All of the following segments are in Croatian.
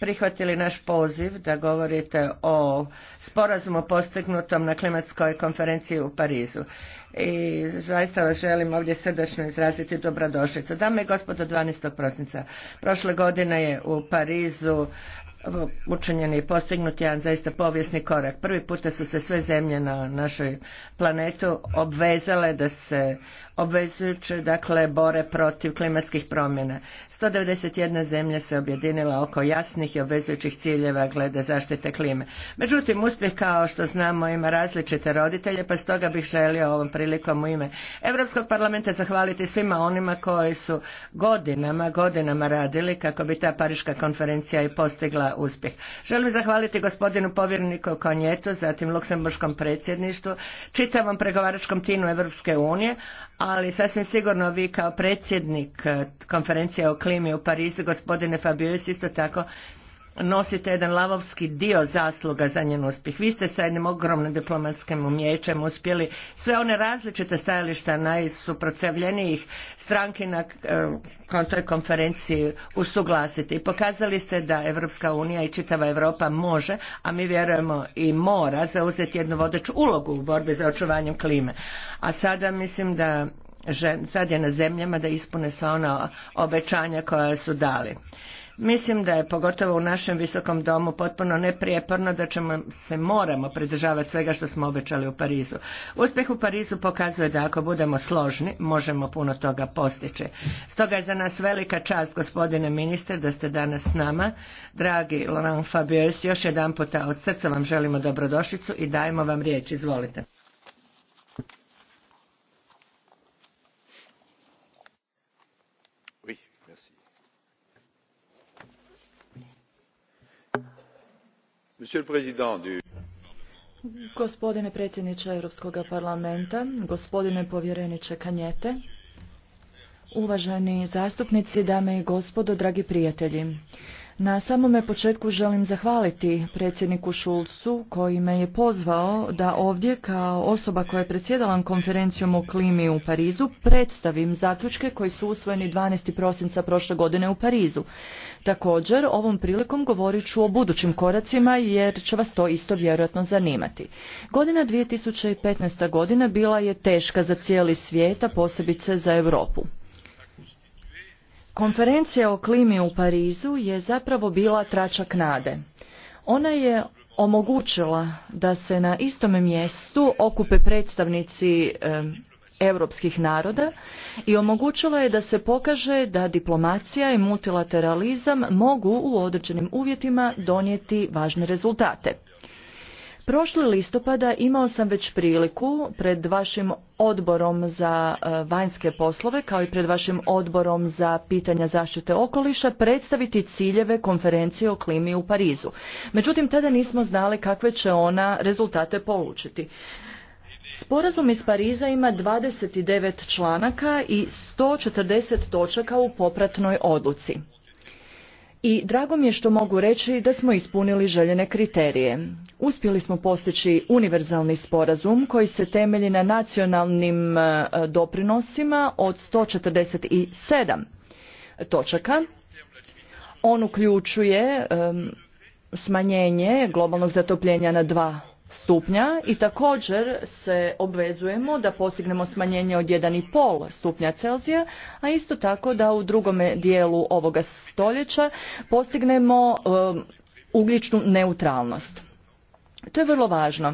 prihvatili naš poziv da govorite o sporazumu postignutom na klimatskoj konferenciji u Parizu. I zaista vas želim ovdje srdačno izraziti dobrodošlicu. Dame i gospodo, 12. prosinca prošle godine je u Parizu učinjen i postignut jedan zaista povijesni korak. Prvi puta su se sve zemlje na našoj planetu obvezale da se obvezujuće dakle bore protiv klimatskih promjena. 191 zemlja se objedinila oko jasnih i obvezujućih ciljeva glede zaštite klime. Međutim, uspjeh kao što znamo ima različite roditelje, pa stoga bih želio ovom prilikom u ime Europskog parlamenta zahvaliti svima onima koji su godinama, godinama radili kako bi ta Pariška konferencija i postigla uspjeh. Želim zahvaliti gospodinu povjerniku Konjetu, zatim Luksemburškom predsjedništvu, čitavom pregovaračkom tinu Europske unije, ali sasvim sigurno vi kao predsjednik eh, konferencije o klimi u Parizu, gospodine Fabius, isto tako nosite jedan lavovski dio zasluga za njen uspjeh. Vi ste sa jednim ogromnim diplomatskim umjećem uspjeli sve one različite stajališta najsuprotstavljenijih stranki na e, toj konferenciji usuglasiti. I pokazali ste da Evropska unija i čitava Europa može, a mi vjerujemo i mora, zauzeti jednu vodeću ulogu u borbi za očuvanjem klime. A sada mislim da sad je na zemljama da ispune sva ona obećanja koja su dali. Mislim da je pogotovo u našem visokom domu potpuno neprijeporno da ćemo se moramo pridržavati svega što smo obećali u Parizu. Uspjeh u Parizu pokazuje da ako budemo složni možemo puno toga postići. Stoga je za nas velika čast gospodine ministre da ste danas s nama. Dragi Laurent Fabius, još jedan puta od srca vam želimo dobrodošlicu i dajemo vam riječ. Izvolite. Gospodine predsjedniče Europskog parlamenta, gospodine povjereniče Kanjete, uvaženi zastupnici, dame i gospodo, dragi prijatelji. Na samome početku želim zahvaliti predsjedniku Šulcu koji me je pozvao da ovdje kao osoba koja je predsjedala konferencijom o klimi u Parizu predstavim zaključke koji su usvojeni 12. prosinca prošle godine u Parizu. Također ovom prilikom govorit ću o budućim koracima jer će vas to isto vjerojatno zanimati. Godina 2015. godina bila je teška za cijeli svijet, a posebice za Europu. Konferencija o klimi u Parizu je zapravo bila tračak nade. Ona je omogućila da se na istom mjestu okupe predstavnici e, europskih naroda i omogućila je da se pokaže da diplomacija i multilateralizam mogu u određenim uvjetima donijeti važne rezultate. Prošli listopada imao sam već priliku pred vašim odborom za e, vanjske poslove kao i pred vašim odborom za pitanja zaštite okoliša predstaviti ciljeve konferencije o klimi u Parizu. Međutim, tada nismo znali kakve će ona rezultate polučiti. Sporazum iz Pariza ima 29 članaka i 140 točaka u popratnoj odluci i drago mi je što mogu reći da smo ispunili željene kriterije. Uspjeli smo postići univerzalni sporazum koji se temelji na nacionalnim e, doprinosima od 147 točaka. On uključuje smanjenje globalnog zatopljenja na dva stupnja i također se obvezujemo da postignemo smanjenje od 1,5 stupnja Celzija, a isto tako da u drugome dijelu ovoga stoljeća postignemo um, ugljičnu neutralnost. To je vrlo važno.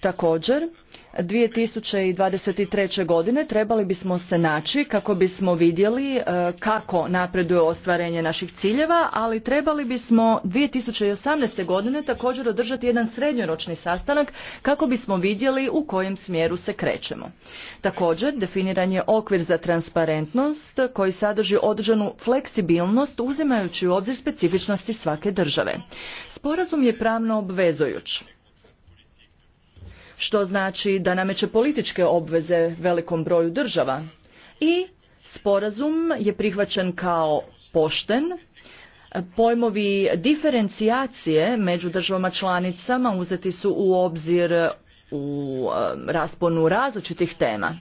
Također, 2023. godine trebali bismo se naći kako bismo vidjeli e, kako napreduje ostvarenje naših ciljeva, ali trebali bismo 2018. godine također održati jedan srednjoročni sastanak kako bismo vidjeli u kojem smjeru se krećemo. Također, definiran je okvir za transparentnost koji sadrži određenu fleksibilnost uzimajući u obzir specifičnosti svake države. Sporazum je pravno obvezujući što znači da nameće političke obveze velikom broju država. I sporazum je prihvaćen kao pošten, pojmovi diferencijacije među državama članicama uzeti su u obzir u rasponu različitih tema,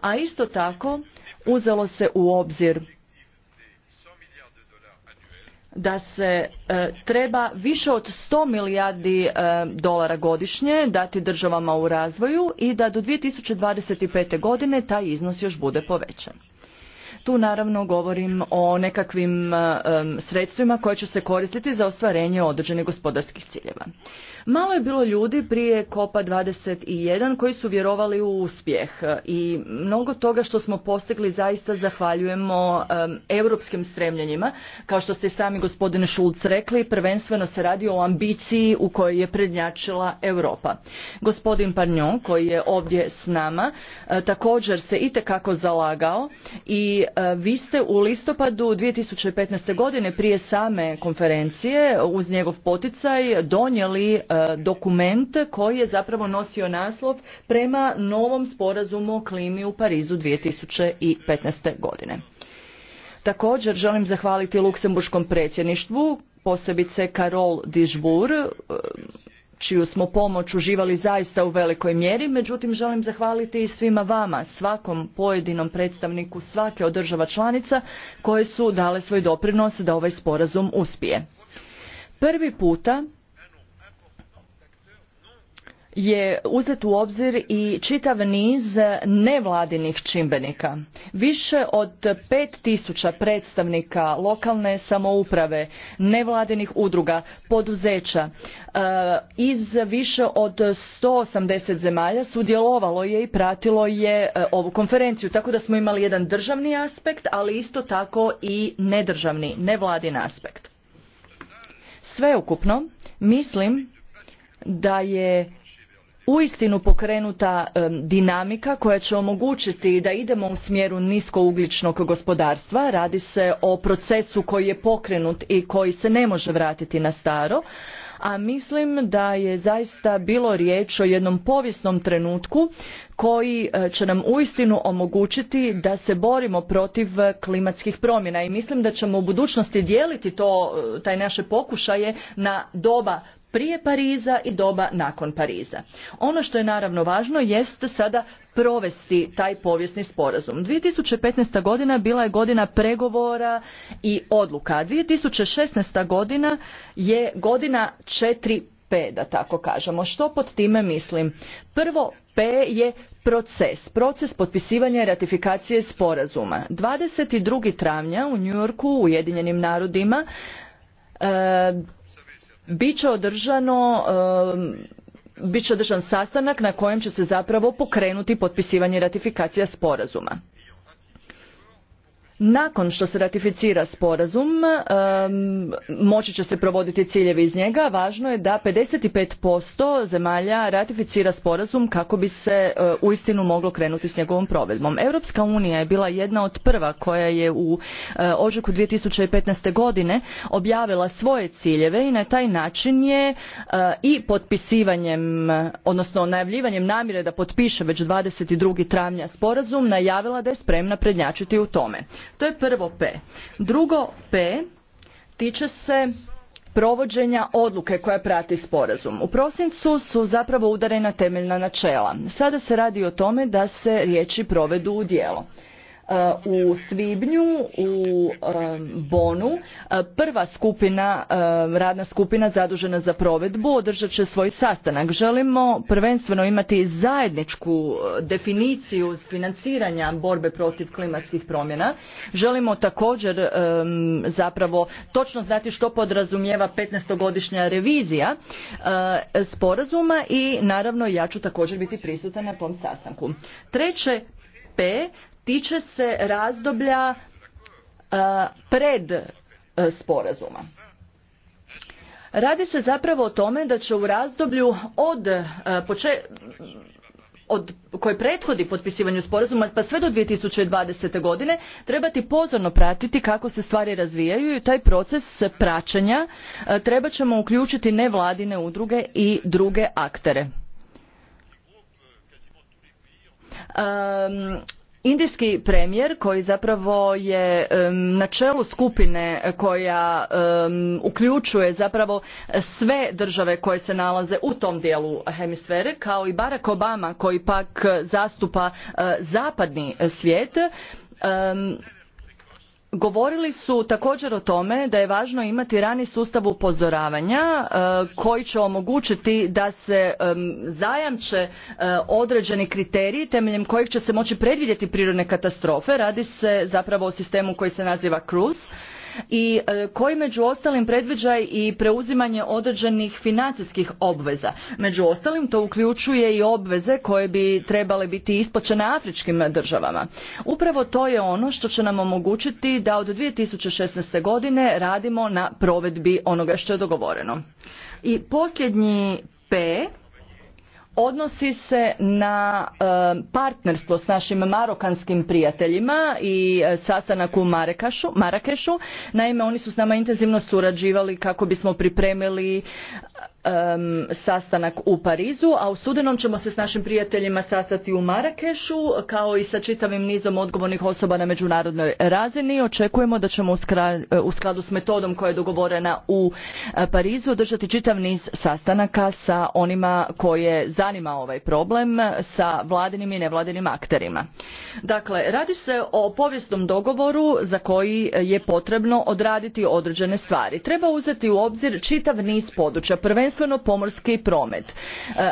a isto tako uzelo se u obzir da se e, treba više od 100 milijardi e, dolara godišnje dati državama u razvoju i da do 2025. godine taj iznos još bude povećan. Tu naravno govorim o nekakvim e, sredstvima koje će se koristiti za ostvarenje određenih gospodarskih ciljeva. Malo je bilo ljudi prije Kopa 21 koji su vjerovali u uspjeh e, i mnogo toga što smo postigli zaista zahvaljujemo europskim stremljenjima. Kao što ste sami gospodine Šulc rekli, prvenstveno se radi o ambiciji u kojoj je prednjačila Europa. Gospodin Parnjon koji je ovdje s nama e, također se itekako zalagao i E, vi ste u listopadu 2015. godine prije same konferencije uz njegov poticaj donijeli e, dokument koji je zapravo nosio naslov prema novom sporazumu o klimi u Parizu 2015. godine. Također želim zahvaliti Luksemburškom predsjedništvu, posebice Karol Dižbur, e, čiju smo pomoć uživali zaista u velikoj mjeri, međutim želim zahvaliti i svima vama, svakom pojedinom predstavniku svake od država članica koje su dale svoj doprinos da ovaj sporazum uspije. Prvi puta je uzet u obzir i čitav niz nevladinih čimbenika. Više od 5000 predstavnika lokalne samouprave, nevladinih udruga, poduzeća e, iz više od 180 zemalja sudjelovalo je i pratilo je e, ovu konferenciju. Tako da smo imali jedan državni aspekt, ali isto tako i nedržavni, nevladin aspekt. Sveukupno, mislim da je uistinu pokrenuta dinamika koja će omogućiti da idemo u smjeru niskougljičnog gospodarstva. Radi se o procesu koji je pokrenut i koji se ne može vratiti na staro, a mislim da je zaista bilo riječ o jednom povijesnom trenutku koji e, će nam uistinu omogućiti da se borimo protiv klimatskih promjena i mislim da ćemo u budućnosti dijeliti to, e, taj naše pokušaje na doba prije Pariza i doba nakon Pariza. Ono što je naravno važno jest sada provesti taj povijesni sporazum. 2015. godina bila je godina pregovora i odluka. 2016. godina je godina 4 P, da tako kažemo. Što pod time mislim? Prvo, P je proces. Proces potpisivanja i ratifikacije sporazuma. 22. travnja u Njujorku, u Ujedinjenim narodima, e, biće održano um, bit će održan sastanak na kojem će se zapravo pokrenuti potpisivanje ratifikacija sporazuma nakon što se ratificira sporazum moći će se provoditi ciljevi iz njega važno je da 55% zemalja ratificira sporazum kako bi se u e, uistinu moglo krenuti s njegovom provedbom europska unija je bila jedna od prva koja je u e, uh, 2015. godine objavila svoje ciljeve i na taj način je e, i potpisivanjem odnosno najavljivanjem namjere da potpiše već 22. travnja sporazum najavila da je spremna prednjačiti u tome to je prvo P. Drugo P tiče se provođenja odluke koja prati sporazum. U prosincu su zapravo udarena temeljna načela. Sada se radi o tome da se riječi provedu u djelo u svibnju u Bonu prva skupina, radna skupina zadužena za provedbu održat će svoj sastanak. Želimo prvenstveno imati zajedničku eh, definiciju financiranja borbe protiv klimatskih promjena. Želimo također zapravo točno znati što podrazumijeva 15-godišnja revizija eh, sporazuma i naravno ja ću također biti prisutan na tom sastanku. Treće, P tiče se razdoblja e, pred e, sporazuma. Radi se zapravo o tome da će u razdoblju od e, početka od koje prethodi potpisivanju sporazuma pa sve do 2020. godine trebati pozorno pratiti kako se stvari razvijaju i taj proces praćenja treba ćemo uključiti nevladine udruge i druge aktere. Um, Indijski premijer koji zapravo je na čelu skupine koja uključuje zapravo sve države koje se nalaze u tom dijelu hemisfere kao i Barack Obama koji pak zastupa e, zapadni svijet um, govorili su također o tome da je važno imati rani sustav upozoravanja e, koji će omogućiti da se zajamče e, određeni kriteriji temeljem kojih će se moći predvidjeti prirodne katastrofe radi se zapravo o sistemu koji se naziva cruz i e, koji među ostalim predviđa i preuzimanje određenih financijskih obveza. Među ostalim to uključuje i obveze koje bi trebale biti isplaćene afričkim državama. Upravo to je ono što će nam omogućiti da od 2016. godine radimo na provedbi onoga što je dogovoreno. I posljednji P odnosi se na eh, partnerstvo s našim marokanskim prijateljima i eh, sastanak u Marakešu. Naime, oni su s nama intenzivno surađivali kako bismo pripremili sastanak u Parizu, a u studenom ćemo se s našim prijateljima sastati u Marakešu, kao i sa čitavim nizom odgovornih osoba na međunarodnoj razini. Očekujemo da ćemo u skladu s metodom koja je dogovorena u e, Parizu održati čitav niz sastanaka sa onima koje zanima ovaj problem, sa vladinim i nevladinim akterima. Dakle, radi se o povijesnom dogovoru za koji je potrebno odraditi određene stvari. Treba uzeti u obzir čitav niz područja, prvenstveno prvenstveno pomorski promet. E,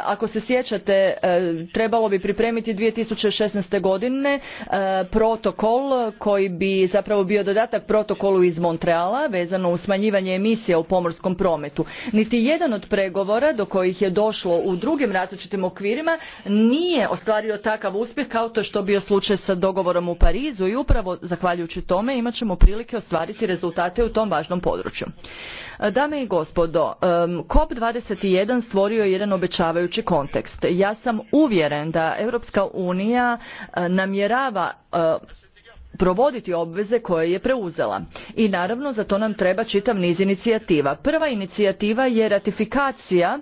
ako se sjećate, e, trebalo bi pripremiti 2016. godine e, protokol koji bi zapravo bio dodatak protokolu iz Montreala vezano uz smanjivanje emisija u pomorskom prometu. Niti jedan od pregovora do kojih je došlo u drugim različitim okvirima nije ostvario takav uspjeh kao to što bio slučaj sa dogovorom u Parizu i upravo zahvaljujući tome imat ćemo prilike ostvariti rezultate u tom važnom području. Dame i gospodo, COP21 stvorio je jedan obećavajući kontekst. Ja sam uvjeren da Europska unija e, namjerava e, provoditi obveze koje je preuzela i naravno za to nam treba čitav niz inicijativa. Prva inicijativa je ratifikacija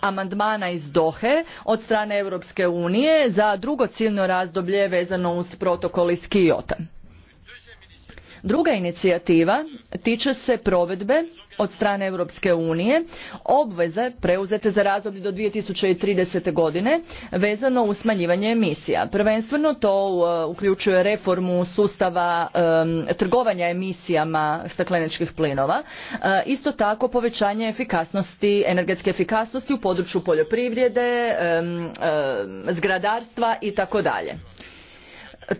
amandmana iz Dohe od strane Europske unije za drugo ciljno razdoblje vezano uz protokol iz Kijota. Druga inicijativa tiče se provedbe od strane Europske unije obveze preuzete za razdoblje do 2030. godine vezano uz smanjivanje emisija. Prvenstveno to uh, uključuje reformu sustava um, trgovanja emisijama stakleničkih plinova. Uh, isto tako povećanje efikasnosti, energetske efikasnosti u području poljoprivrede, um, um, zgradarstva i tako dalje.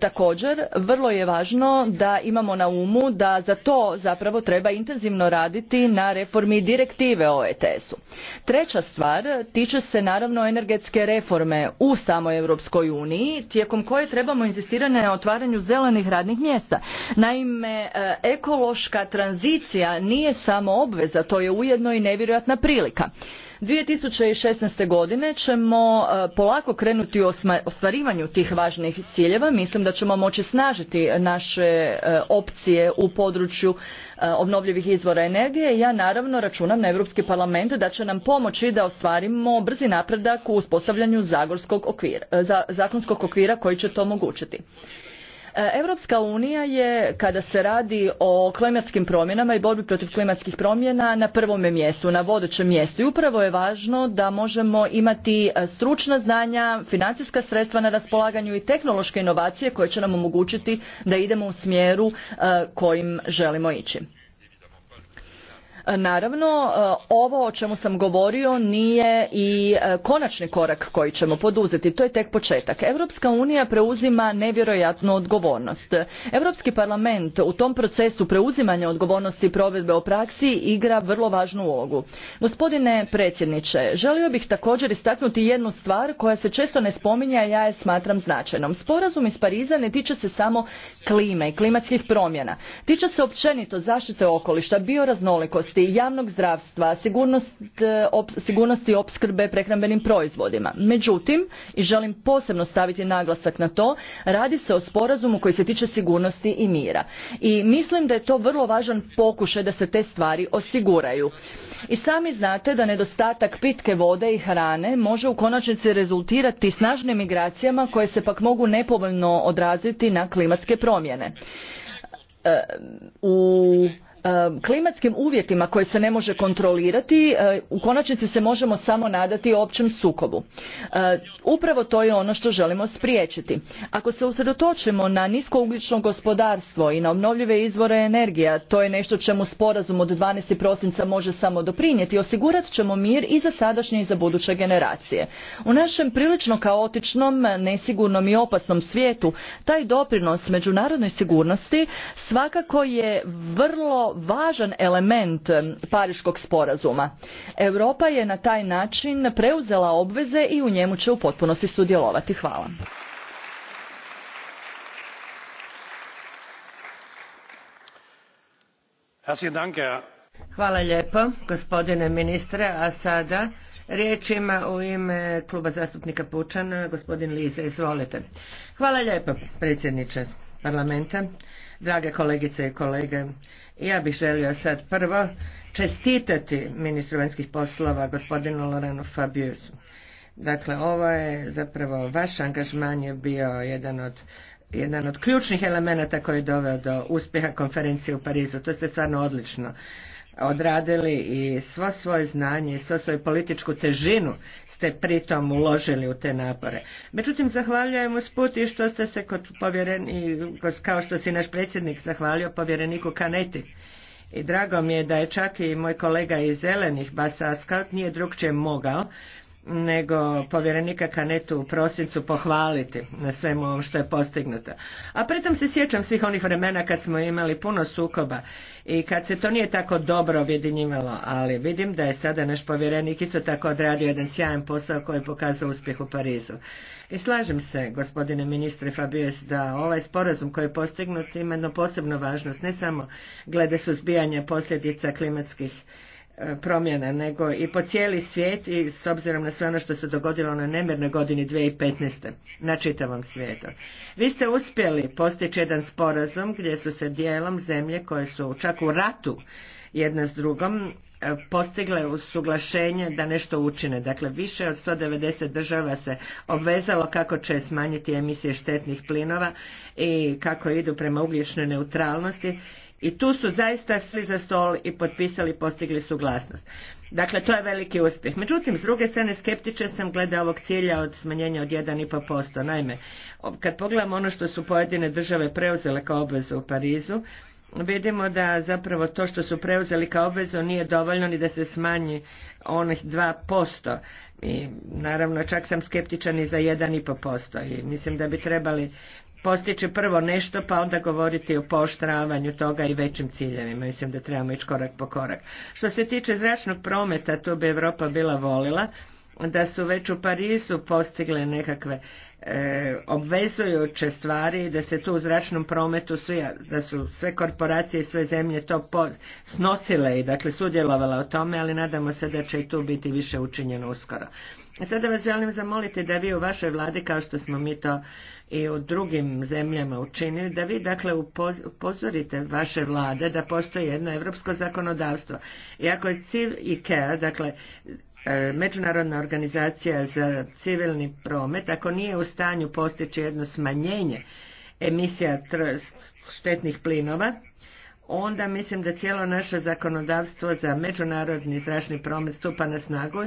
Također, vrlo je važno da imamo na umu da za to zapravo treba intenzivno raditi na reformi direktive o ETS-u. Treća stvar tiče se naravno energetske reforme u samoj Europskoj uniji, tijekom koje trebamo inzistirati na otvaranju zelenih radnih mjesta. Naime, e, ekološka tranzicija nije samo obveza, to je ujedno i nevjerojatna prilika. 2016. godine ćemo e, polako krenuti u ostvarivanju tih važnih ciljeva. Mislim da ćemo moći snažiti naše e, opcije u području e, obnovljivih izvora energije. Ja naravno računam na Europski parlament da će nam pomoći da ostvarimo brzi napredak u uspostavljanju zakonskog okvira koji će to omogućiti. Europska unija je, kada se radi o klimatskim promjenama i borbi protiv klimatskih promjena, na prvome mjestu, na vodećem mjestu. I upravo je važno da možemo imati e, stručna znanja, financijska sredstva na raspolaganju i tehnološke inovacije koje će nam omogućiti da idemo u smjeru e, kojim želimo ići. Naravno, e, ovo o čemu sam govorio nije i e, konačni korak koji ćemo poduzeti. To je tek početak. Europska unija preuzima nevjerojatnu odgovornost. Europski parlament u tom procesu preuzimanja odgovornosti i provedbe o praksi igra vrlo važnu ulogu. Gospodine predsjedniče, želio bih također istaknuti jednu stvar koja se često ne spominje, a ja je smatram značajnom. Sporazum iz Pariza ne tiče se samo klime i klimatskih promjena. Tiče se općenito zaštite okolišta, bioraznolikosti, sigurnosti javnog zdravstva, e, sigurnosti opskrbe prehrambenim proizvodima. Međutim, i želim posebno staviti naglasak na to, radi se o sporazumu koji se tiče sigurnosti i mira. I mislim da je to vrlo važan pokušaj da se te stvari osiguraju. I sami znate da nedostatak pitke vode i hrane može u konačnici rezultirati snažnim migracijama koje se pak mogu nepovoljno odraziti na klimatske promjene. E, u klimatskim uvjetima koje se ne može kontrolirati e, u konačnici se možemo samo nadati općem sukobu. E, upravo to je ono što želimo spriječiti. Ako se usredotočimo na niskougljično gospodarstvo i na obnovljive izvore energija, to je nešto čemu sporazum od 12. prosinca može samo doprinijeti, osigurat ćemo mir i za sadašnje i za buduće generacije. U našem prilično kaotičnom, nesigurnom i opasnom svijetu taj doprinos međunarodnoj sigurnosti svakako je vrlo važan element Pariškog sporazuma. Europa je na taj način preuzela obveze i u njemu će u potpunosti sudjelovati. Hvala. Hvala lijepo gospodine ministre, a sada Riječ ima u ime kluba zastupnika Pučana gospodin Lize, izvolite. Hvala lijepo predsjedniče parlamenta, drage kolegice i kolege. Ja bih želio sad prvo čestitati ministru vanjskih poslova gospodinu Lorenu Fabiusu. Dakle, ovo je zapravo vaš angažman je bio jedan od jedan od ključnih elemenata koji je doveo do uspjeha konferencije u Parizu. To ste stvarno odlično odradili i svo svoje znanje i svo svoju političku težinu ste pritom uložili u te napore. Međutim, zahvaljujem usput i što ste se kod povjereni, kao što si naš predsjednik zahvalio povjereniku Kaneti. I drago mi je da je čak i moj kolega iz Zelenih, Basaskat, nije drugčije mogao, nego povjerenika Kanetu u prosincu pohvaliti na svemu ovom što je postignuto. A pritom se sjećam svih onih vremena kad smo imali puno sukoba i kad se to nije tako dobro objedinjivalo, ali vidim da je sada naš povjerenik isto tako odradio jedan sjajan posao koji je pokazao uspjeh u Parizu. I slažem se, gospodine ministre Fabius, da ovaj sporazum koji je postignut ima jednu posebnu važnost, ne samo glede suzbijanja posljedica klimatskih E, promjena, nego i po cijeli svijet i s obzirom na sve ono što se dogodilo na nemirnoj godini 2015. na čitavom svijetu. Vi ste uspjeli postići jedan sporazum gdje su se dijelom zemlje koje su čak u ratu jedna s drugom e, postigle usuglašenje da nešto učine. Dakle, više od 190 država se obvezalo kako će smanjiti emisije štetnih plinova i kako idu prema ugljičnoj neutralnosti i tu su zaista svi za stol i potpisali, i postigli suglasnost. Dakle, to je veliki uspjeh. Međutim, s druge strane, skeptičan sam glede ovog cilja od smanjenja od 1,5%. Naime, kad pogledamo ono što su pojedine države preuzele kao obvezu u Parizu, vidimo da zapravo to što su preuzeli kao obvezu nije dovoljno ni da se smanji onih 2%. I naravno čak sam skeptičan i za 1,5%. I mislim da bi trebali postići prvo nešto pa onda govoriti o poštravanju toga i većim ciljevima. Mislim da trebamo ići korak po korak. Što se tiče zračnog prometa, tu bi Europa bila volila da su već u Parizu postigle nekakve e, obvezujuće stvari da se tu u zračnom prometu da su sve korporacije i sve zemlje to po, snosile i dakle sudjelovala o tome, ali nadamo se da će i tu biti više učinjeno uskoro. Sada vas želim zamoliti da vi u vašoj vladi, kao što smo mi to i u drugim zemljama učinili, da vi dakle upozorite vaše vlade da postoji jedno europsko zakonodavstvo. I ako je cilj IKEA, dakle e, Međunarodna organizacija za civilni promet, ako nije u stanju postići jedno smanjenje emisija štetnih plinova, onda mislim da cijelo naše zakonodavstvo za međunarodni zračni promet stupa na snagu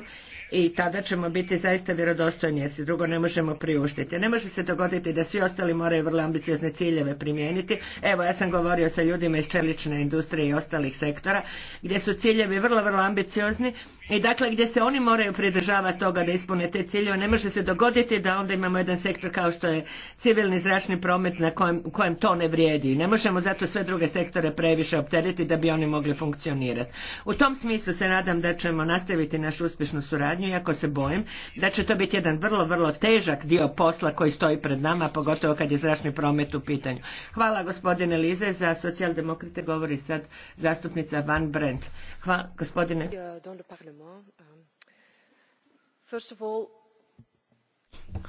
i tada ćemo biti zaista vjerodostojni jer si drugo ne možemo priuštiti. Ne može se dogoditi da svi ostali moraju vrlo ambiciozne ciljeve primijeniti. Evo ja sam govorio sa ljudima iz čelične industrije i ostalih sektora gdje su ciljevi vrlo, vrlo ambiciozni i dakle gdje se oni moraju pridržavati toga da ispune te ciljeve. Ne može se dogoditi da onda imamo jedan sektor kao što je civilni zračni promet na kojem, kojem to ne vrijedi. Ne možemo zato sve druge sektore previše opteriti da bi oni mogli funkcionirati. U tom smislu se nadam da ćemo nastaviti našu uspješnu suradnju suradnju, iako se bojim da će to biti jedan vrlo, vrlo težak dio posla koji stoji pred nama, pogotovo kad je zračni promet u pitanju. Hvala gospodine Lize, za socijaldemokrate govori sad zastupnica Van Brent. Hvala gospodine.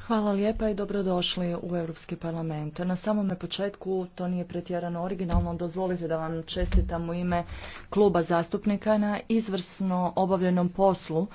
Hvala lijepa i dobrodošli u Europski parlament. Na samome početku to nije pretjerano originalno, dozvolite da vam čestitam u ime kluba zastupnika na izvrsno obavljenom poslu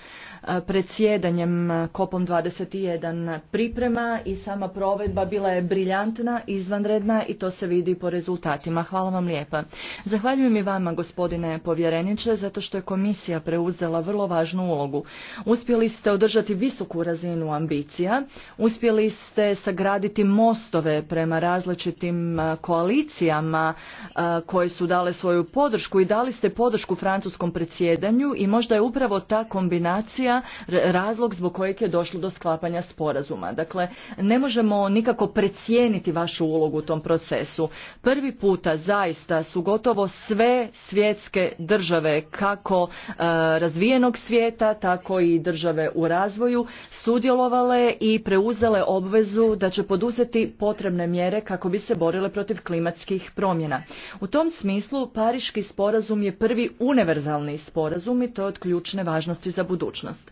e, predsjedanjem Kopom 21 priprema i sama provedba bila je briljantna, izvanredna i to se vidi po rezultatima. Hvala vam lijepa. Zahvaljujem i vama gospodine povjereniče zato što je komisija preuzela vrlo važnu ulogu. Uspjeli ste održati visoku razinu ambicija Uspjeli ste sagraditi mostove prema različitim e, koalicijama e, koje su dale svoju podršku i dali ste podršku francuskom predsjedanju i možda je upravo ta kombinacija razlog zbog kojeg je došlo do sklapanja sporazuma. Dakle, ne možemo nikako precijeniti vašu ulogu u tom procesu. Prvi puta zaista su gotovo sve svjetske države kako e, razvijenog svijeta, tako i države u razvoju sudjelovale i preuzele obvezu da će poduzeti potrebne mjere kako bi se borile protiv klimatskih promjena. U tom smislu Pariški sporazum je prvi univerzalni sporazum i to je od ključne važnosti za budućnost.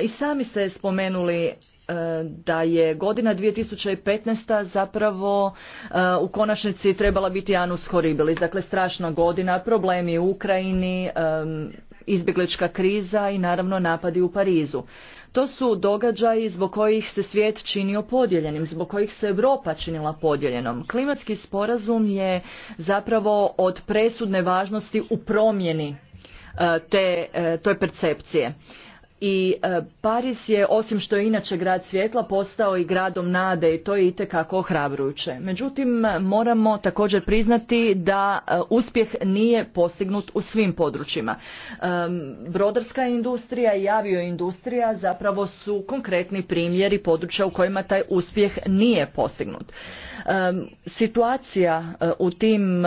I sami ste spomenuli e, da je godina 2015. zapravo e, u konačnici trebala biti Anus Horribilis, dakle strašna godina, problemi u Ukrajini, e, izbjeglička kriza i naravno napadi u Parizu. To su događaji zbog kojih se svijet činio podijeljenim, zbog kojih se Europa činila podijeljenom. Klimatski sporazum je zapravo od presudne važnosti u promjeni e, te, e, toj percepcije i e, Paris je, osim što je inače grad svjetla, postao i gradom nade i to je itekako ohrabrujuće. Međutim, moramo također priznati da e, uspjeh nije postignut u svim područjima. E, brodarska industrija i avioindustrija zapravo su konkretni primjeri područja u kojima taj uspjeh nije postignut. Situacija u tim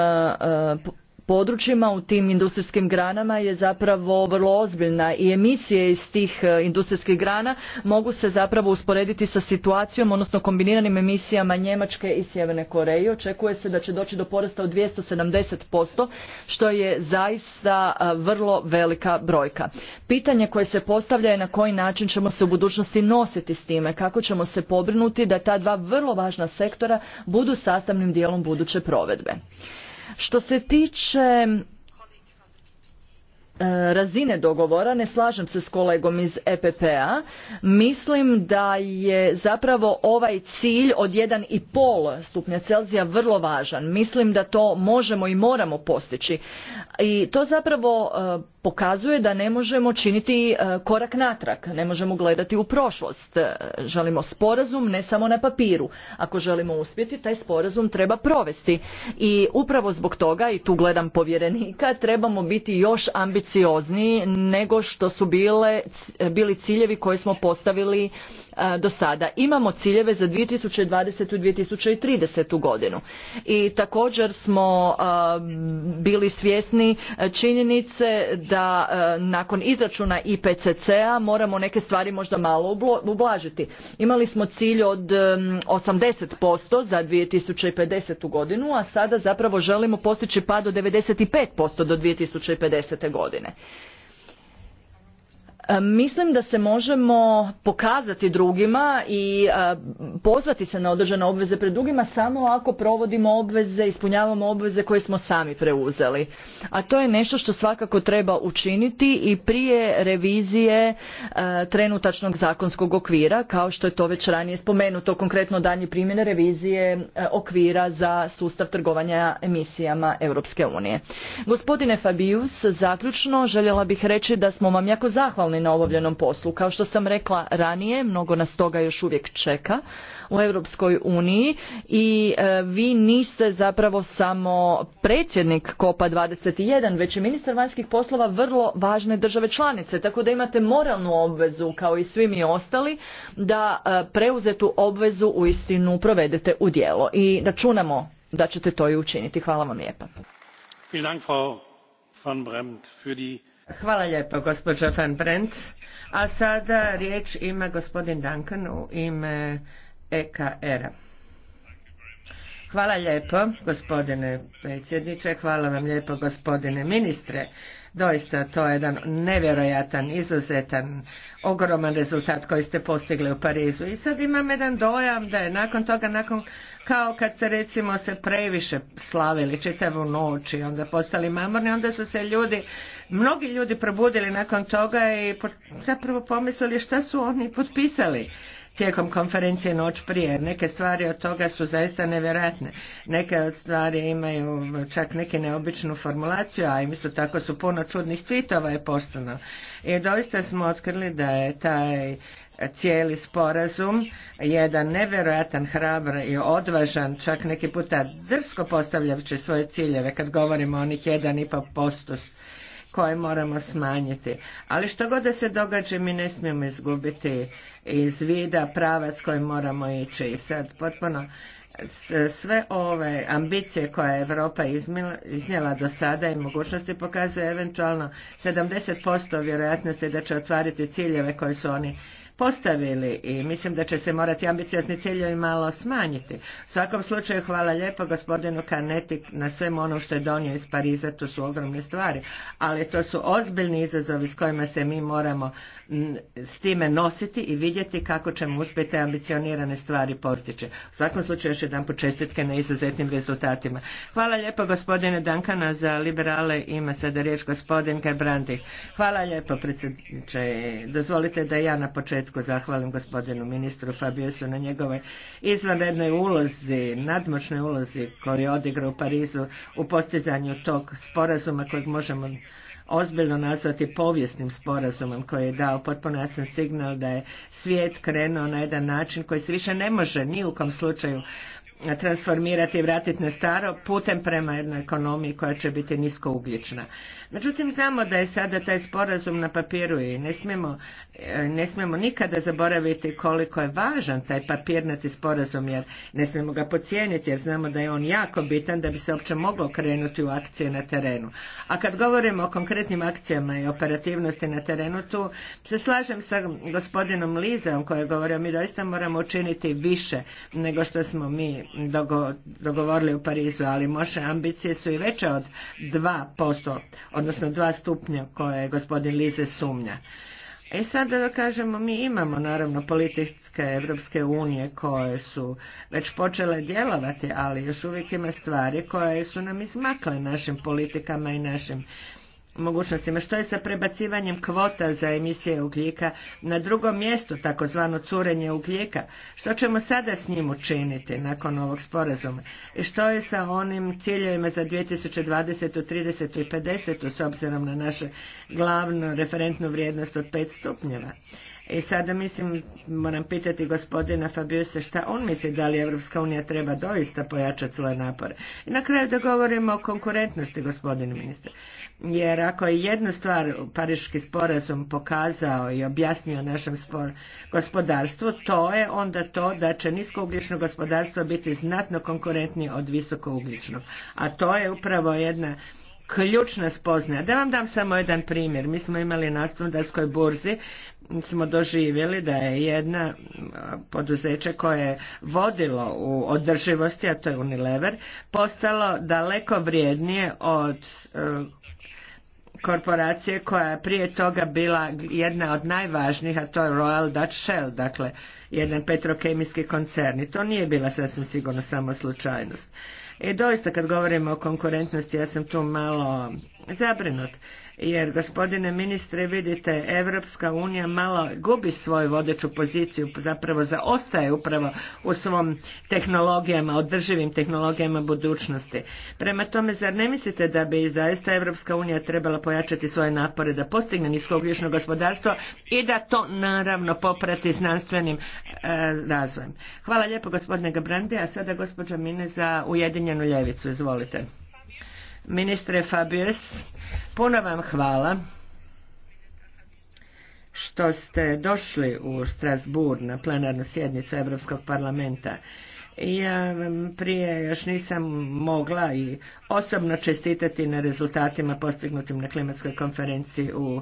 područjima u tim industrijskim granama je zapravo vrlo ozbiljna i emisije iz tih e, industrijskih grana mogu se zapravo usporediti sa situacijom odnosno kombiniranim emisijama Njemačke i Sjeverne Koreje. Očekuje se da će doći do porasta od 270% što je zaista e, vrlo velika brojka. Pitanje koje se postavlja je na koji način ćemo se u budućnosti nositi s time, kako ćemo se pobrinuti da ta dva vrlo važna sektora budu sastavnim dijelom buduće provedbe. Što se tiče e, razine dogovora ne slažem se s kolegom iz EPP-a. Mislim da je zapravo ovaj cilj od 1,5 stupnja Celzija vrlo važan. Mislim da to možemo i moramo postići. I to zapravo e, pokazuje da ne možemo činiti e, korak natrag, ne možemo gledati u prošlost. E, želimo sporazum ne samo na papiru. Ako želimo uspjeti, taj sporazum treba provesti. I upravo zbog toga, i tu gledam povjerenika, trebamo biti još ambiciozniji nego što su bile, bili ciljevi koje smo postavili do sada. Imamo ciljeve za 2020. i 2030. godinu. I također smo bili svjesni činjenice da nakon izračuna IPCC-a moramo neke stvari možda malo ublažiti. Imali smo cilj od 80% za 2050. godinu, a sada zapravo želimo postići pad od 95% do 2050. godine. E, mislim da se možemo pokazati drugima i e, pozvati se na održane obveze pred drugima samo ako provodimo obveze, ispunjavamo obveze koje smo sami preuzeli. A to je nešto što svakako treba učiniti i prije revizije e, trenutačnog zakonskog okvira, kao što je to već ranije spomenuto, konkretno danje primjene revizije okvira za sustav trgovanja emisijama Europske unije. Gospodine Fabius, zaključno željela bih reći da smo vam jako zahvalni zahvalni na obavljenom poslu. Kao što sam rekla ranije, mnogo nas toga još uvijek čeka u Europskoj uniji i e, vi niste zapravo samo predsjednik Kopa 21, već i ministar vanjskih poslova vrlo važne države članice, tako da imate moralnu obvezu kao i svi mi ostali da e, preuzetu obvezu u istinu provedete u djelo i računamo da ćete to i učiniti. Hvala vam lijepa. Hvala lijepo, gospođo Van Brent. A sada riječ ima gospodin Duncan u ime EKR-a. Hvala lijepo, gospodine predsjedniče, hvala vam lijepo, gospodine ministre. Doista, to je jedan nevjerojatan, izuzetan, ogroman rezultat koji ste postigli u Parizu. I sad imam jedan dojam da je nakon toga, nakon kao kad ste recimo se previše slavili čitavu noć i onda postali mamorni, onda su se ljudi, mnogi ljudi probudili nakon toga i zapravo pomislili šta su oni potpisali tijekom konferencije noć prije. Neke stvari od toga su zaista nevjerojatne. Neke od stvari imaju čak neki neobičnu formulaciju, a isto tako su puno čudnih tvitova je postano. I doista smo otkrili da je taj cijeli sporazum, jedan nevjerojatan hrabar i odvažan, čak neki puta drsko postavljajući svoje ciljeve, kad govorimo o onih 1,5% koje moramo smanjiti. Ali što god da se događa, mi ne smijemo izgubiti iz vida pravac koji moramo ići. I sad potpuno sve ove ambicije koje je Europa iznijela do sada i mogućnosti pokazuje eventualno 70% vjerojatnosti da će otvariti ciljeve koje su oni postavili i mislim da će se morati ambiciozni ciljevi malo smanjiti. U svakom slučaju hvala lijepo gospodinu Kanetik na svemu ono što je donio iz Pariza, to su ogromne stvari, ali to su ozbiljni izazovi s kojima se mi moramo s time nositi i vidjeti kako ćemo uspjeti ambicionirane stvari postići. U svakom slučaju još jedan čestitke na izuzetnim rezultatima. Hvala lijepo gospodine Dankana za liberale. Ima sada riječ gospodin Gerbrandi. Hvala lijepo predsjedniče. Dozvolite da ja na početku zahvalim gospodinu ministru Fabiusu na njegovoj izvanrednoj ulozi, nadmoćnoj ulozi koju je odigrao u Parizu u postizanju tog sporazuma kojeg možemo ozbiljno nazvati povijesnim sporazumom koji je dao potpuno jasan signal da je svijet krenuo na jedan način koji se više ne može ni u kom slučaju transformirati i vratiti na staro putem prema jednoj ekonomiji koja će biti nisko ugljična. Međutim, znamo da je sada taj sporazum na papiru i ne smijemo, e, ne nikada zaboraviti koliko je važan taj papirnati sporazum jer ne smijemo ga pocijeniti jer znamo da je on jako bitan da bi se uopće moglo krenuti u akcije na terenu. A kad govorimo o konkretnim akcijama i operativnosti na terenu, tu se slažem sa gospodinom Lizom koji je govorio mi doista moramo učiniti više nego što smo mi dogovorili u Parizu, ali moše ambicije su i veće od 2%, odnosno 2 stupnja koje gospodin Lize sumnja. E sada da kažemo, mi imamo naravno politike Evropske unije koje su već počele djelovati, ali još uvijek ima stvari koje su nam izmakle našim politikama i našim mogućnostima. Što je sa prebacivanjem kvota za emisije ugljika na drugom mjestu, takozvano curenje ugljika? Što ćemo sada s njim učiniti nakon ovog sporazuma? I što je sa onim ciljevima za 2020, 30 i 50 s obzirom na našu glavnu referentnu vrijednost od 5 stupnjeva? I sada mislim, moram pitati gospodina Fabiusa šta on misli da li Evropska unija treba doista pojačati svoje napore. I na kraju da govorimo o konkurentnosti, gospodine ministre. Jer ako je jedna stvar Pariški sporazum pokazao i objasnio našem spor gospodarstvu, to je onda to da će niskougljično gospodarstvo biti znatno konkurentnije od visokougljičnog. A to je upravo jedna ključna spoznaja. Da vam dam samo jedan primjer. Mi smo imali na Stundarskoj burzi, smo doživjeli da je jedna poduzeće koje je vodilo u održivosti, a to je Unilever, postalo daleko vrijednije od e, korporacije koja je prije toga bila jedna od najvažnijih, a to je Royal Dutch Shell, dakle jedan petrokemijski koncern i to nije bila sasvim sigurno samo slučajnost. E doista kad govorimo o konkurentnosti, ja sam tu malo zabrinut. Jer, gospodine ministre, vidite, Evropska unija malo gubi svoju vodeću poziciju, zapravo zaostaje upravo u svom tehnologijama, održivim tehnologijama budućnosti. Prema tome, zar ne mislite da bi zaista Evropska unija trebala pojačati svoje napore da postigne niskougljično gospodarstvo i da to naravno poprati znanstvenim e, razvojem? Hvala lijepo, gospodine Gabrandi, a sada gospođa Mine za Ujedinjenu ljevicu. Izvolite. Ministre Fabius, puno vam hvala što ste došli u Strasbourg na plenarnu sjednicu Europskog parlamenta. Ja vam prije još nisam mogla i osobno čestitati na rezultatima postignutim na klimatskoj konferenciji u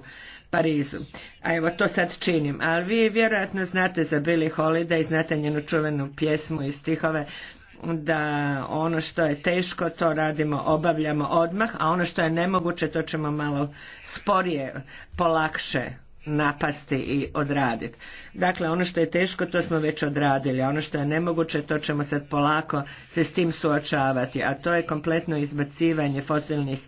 Parizu. A evo to sad činim. Ali vi vjerojatno znate za Billie Holiday i znate njenu čuvenu pjesmu i stihove da ono što je teško to radimo, obavljamo odmah, a ono što je nemoguće to ćemo malo sporije, polakše napasti i odraditi. Dakle, ono što je teško to smo već odradili, a ono što je nemoguće to ćemo sad polako se s tim suočavati, a to je kompletno izbacivanje fosilnih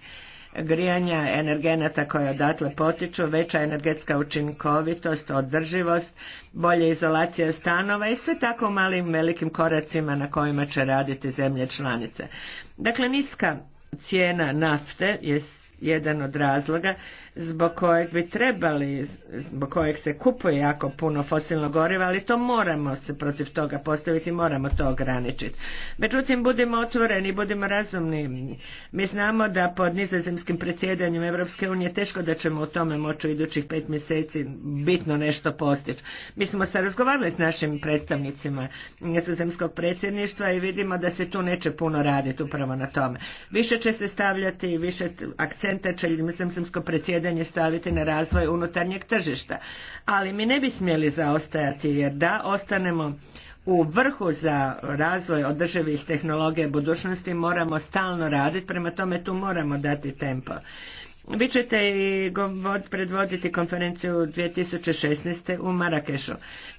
grijanja, energenata koje odatle potiču, veća energetska učinkovitost, održivost, bolje izolacija stanova i sve tako malim velikim koracima na kojima će raditi zemlje članice. Dakle, niska cijena nafte je jedan od razloga zbog kojeg bi trebali, zbog kojeg se kupuje jako puno fosilnog goriva, ali to moramo se protiv toga postaviti, moramo to ograničiti. Međutim, budimo otvoreni, budimo razumni. Mi znamo da pod nizozemskim predsjedanjem Europske unije teško da ćemo u tome moći u idućih pet mjeseci bitno nešto postići. Mi smo se razgovarali s našim predstavnicima nizozemskog predsjedništva i vidimo da se tu neće puno raditi upravo na tome. Više će se stavljati, više akcentirati centar će predsjedanje staviti na razvoj unutarnjeg tržišta. Ali mi ne bi smjeli zaostajati jer da ostanemo u vrhu za razvoj održivih tehnologija budućnosti moramo stalno raditi, prema tome tu moramo dati tempo. Vi ćete i predvoditi konferenciju 2016. u Marakešu.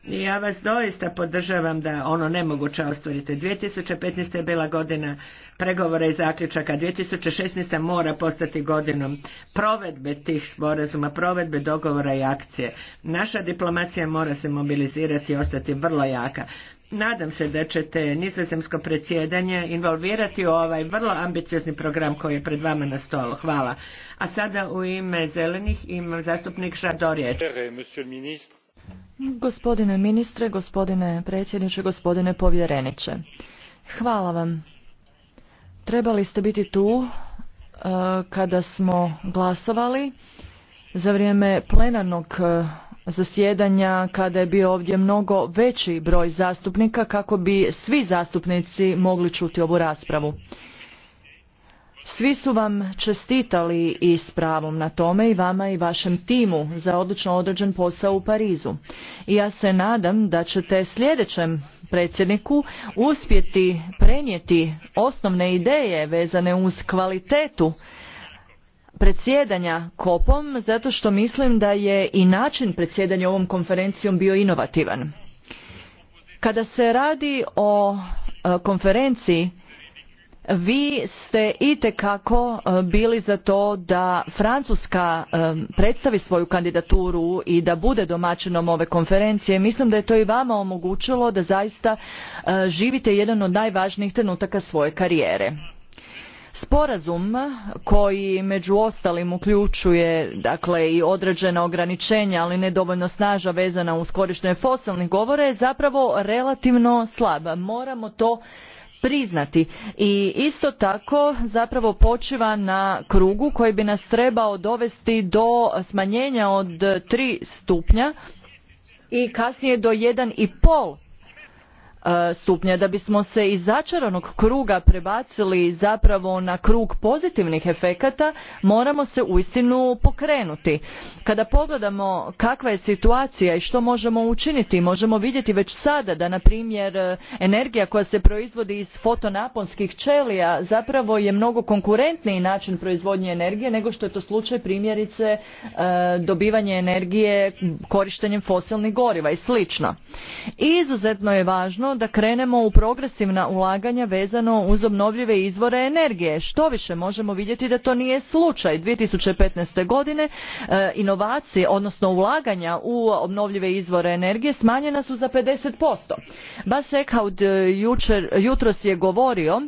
I ja vas doista podržavam da ono nemoguće ostvarite. 2015. je bila godina pregovora i zaključaka. 2016. mora postati godinom provedbe tih sporazuma, provedbe dogovora i akcije. Naša diplomacija mora se mobilizirati i ostati vrlo jaka. Nadam se da ćete nizozemsko predsjedanje involvirati u ovaj vrlo ambiciozni program koji je pred vama na stolu. Hvala. A sada u ime zelenih imam zastupnik Žador Gospodine ministre, gospodine predsjedniče, gospodine povjereniče. Hvala vam. Trebali ste biti tu e, kada smo glasovali za vrijeme plenarnog e, zasjedanja kada je bio ovdje mnogo veći broj zastupnika kako bi svi zastupnici mogli čuti ovu raspravu. Svi su vam čestitali i s pravom na tome i vama i vašem timu za odlično određen posao u Parizu. I ja se nadam da ćete sljedećem predsjedniku uspjeti prenijeti osnovne ideje vezane uz kvalitetu predsjedanja kopom zato što mislim da je i način predsjedanja ovom konferencijom bio inovativan. Kada se radi o e, konferenciji vi ste itekako e, bili za to da Francuska e, predstavi svoju kandidaturu i da bude domaćinom ove konferencije. Mislim da je to i vama omogućilo da zaista živite jedan od najvažnijih trenutaka svoje karijere. Sporazum koji među ostalim uključuje dakle i određena ograničenja, ali nedovoljno snaža vezana uz korištenje fosilnih govora je zapravo relativno slab. Moramo to priznati i isto tako zapravo počiva na krugu koji bi nas trebao dovesti do smanjenja od tri stupnja i kasnije do jedan i E, stupnja da bismo se iz začaranog kruga prebacili zapravo na krug pozitivnih efekata moramo se uistinu pokrenuti kada pogledamo kakva je situacija i što možemo učiniti možemo vidjeti već sada da na primjer energija koja se proizvodi iz fotonaponskih ćelija zapravo je mnogo konkurentniji način proizvodnje energije nego što je to slučaj primjerice e, dobivanje energije korištenjem fosilnih goriva i slično. Izuzetno je važno da krenemo u progresivna ulaganja vezano uz obnovljive izvore energije. Što više možemo vidjeti da to nije slučaj. 2015. godine eh, inovacije, odnosno ulaganja u obnovljive izvore energije smanjena su za 50%. Bas Eckhout eh, jutros je govorio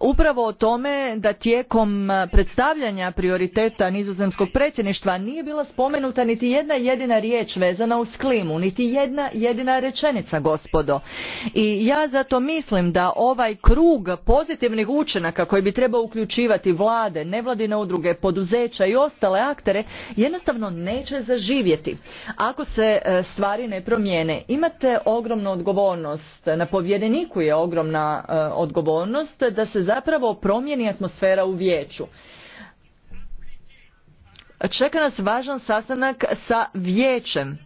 upravo o tome da tijekom e, predstavljanja prioriteta nizozemskog predsjedništva nije bila spomenuta niti jedna jedina riječ vezana uz klimu, niti jedna jedina rečenica gospodo. I ja zato mislim da ovaj krug pozitivnih učinaka koji bi trebao uključivati vlade, nevladine udruge, poduzeća i ostale aktere jednostavno neće zaživjeti ako se e, stvari ne promijene. Imate ogromnu odgovornost, na povjereniku je ogromna e, odgovornost da se zapravo promijeni atmosfera u vijeću. Čeka nas važan sastanak sa vijećem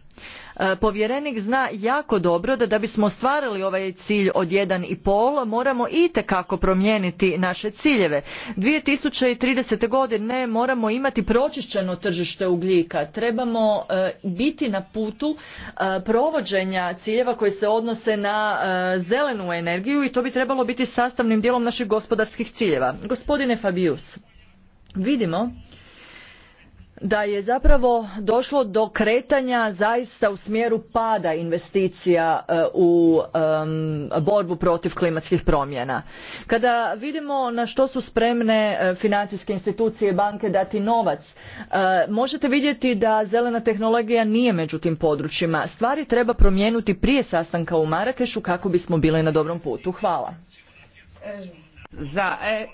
E, povjerenik zna jako dobro da da bismo ostvarili ovaj cilj od 1,5 moramo itekako promijeniti naše ciljeve. 2030. godine moramo imati pročišćeno tržište ugljika. Trebamo e, biti na putu e, provođenja ciljeva koji se odnose na zelenu energiju i to bi trebalo biti sastavnim dijelom naših gospodarskih ciljeva. Gospodine Fabius, vidimo da je zapravo došlo do kretanja zaista u smjeru pada investicija eh, u borbu protiv klimatskih promjena. Kada vidimo na što su spremne eh, financijske institucije i banke dati novac, eh, možete vidjeti da zelena tehnologija nije među tim područjima. Stvari treba promijenuti prije sastanka u Marakešu kako bismo bili na dobrom putu. Hvala. Za e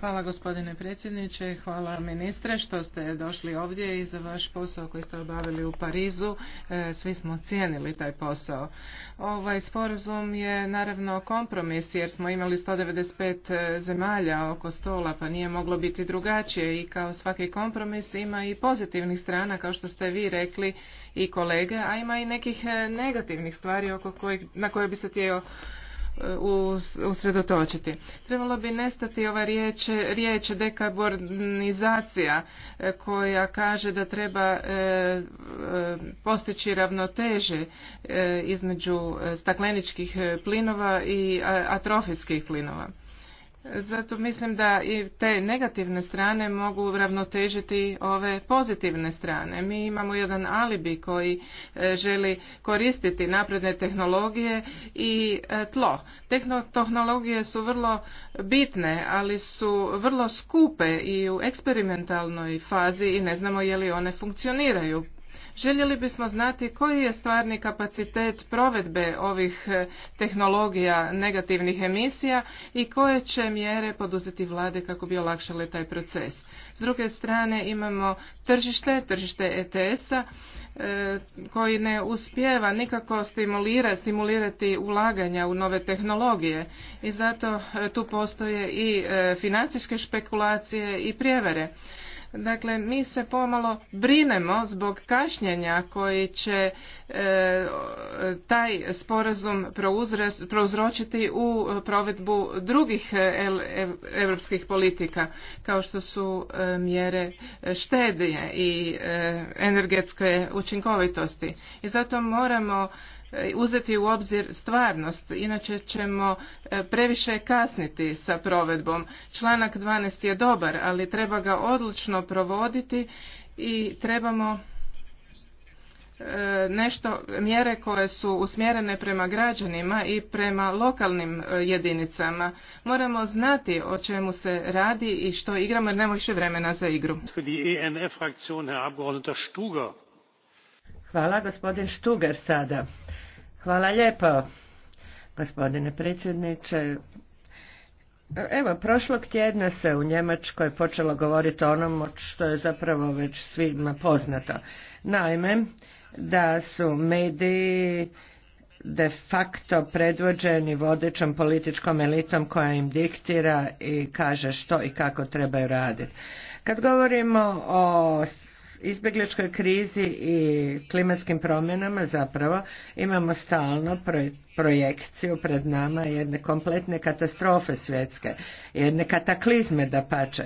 Hvala gospodine predsjedniče, hvala ministre što ste došli ovdje i za vaš posao koji ste obavili u Parizu. E, svi smo cijenili taj posao. Ovaj sporazum je naravno kompromis jer smo imali 195 e, zemalja oko stola pa nije moglo biti drugačije i kao svaki kompromis ima i pozitivnih strana kao što ste vi rekli i kolege, a ima i nekih e, negativnih stvari oko kojih, na koje bi se htio e, usredotočiti. Trebalo bi nestati ova riječ, riječ e, koja kaže da treba postići ravnoteže između stakleničkih plinova i atrofijskih plinova. Zato mislim da i te negativne strane mogu ravnotežiti ove pozitivne strane. Mi imamo jedan alibi koji e, želi koristiti napredne tehnologije i e, tlo. Tehnologije su vrlo bitne, ali su vrlo skupe i u eksperimentalnoj fazi i ne znamo je li one funkcioniraju Željeli bismo znati koji je stvarni kapacitet provedbe ovih e, tehnologija negativnih emisija i koje će mjere poduzeti vlade kako bi olakšale taj proces. S druge strane imamo tržište, tržište ETS-a e, koji ne uspijeva nikako stimulira, stimulirati ulaganja u nove tehnologije i zato e, tu postoje i financijske špekulacije i prijevere. Dakle, mi se pomalo brinemo zbog kašnjenja koji će e, taj sporazum prouzročiti u provedbu drugih europskih politika, kao što su e, mjere štedije i e, energetske učinkovitosti. I zato moramo uzeti u obzir stvarnost, inače ćemo e, previše kasniti sa provedbom. Članak 12 je dobar, ali treba ga odlučno provoditi i trebamo e, nešto mjere koje su usmjerene prema građanima i prema lokalnim e, jedinicama. Moramo znati o čemu se radi i što igramo jer nema više vremena za igru. Hvala gospodin Stuger sada. Hvala lijepo, gospodine predsjedniče. Evo, prošlog tjedna se u Njemačkoj počelo govoriti o onom što je zapravo već svima poznato. Naime, da su mediji de facto predvođeni vodećom političkom elitom koja im diktira i kaže što i kako trebaju raditi. Kad govorimo o izbjegličkoj krizi i klimatskim promjenama zapravo imamo stalno projekciju pred nama jedne kompletne katastrofe svjetske, jedne kataklizme da pače.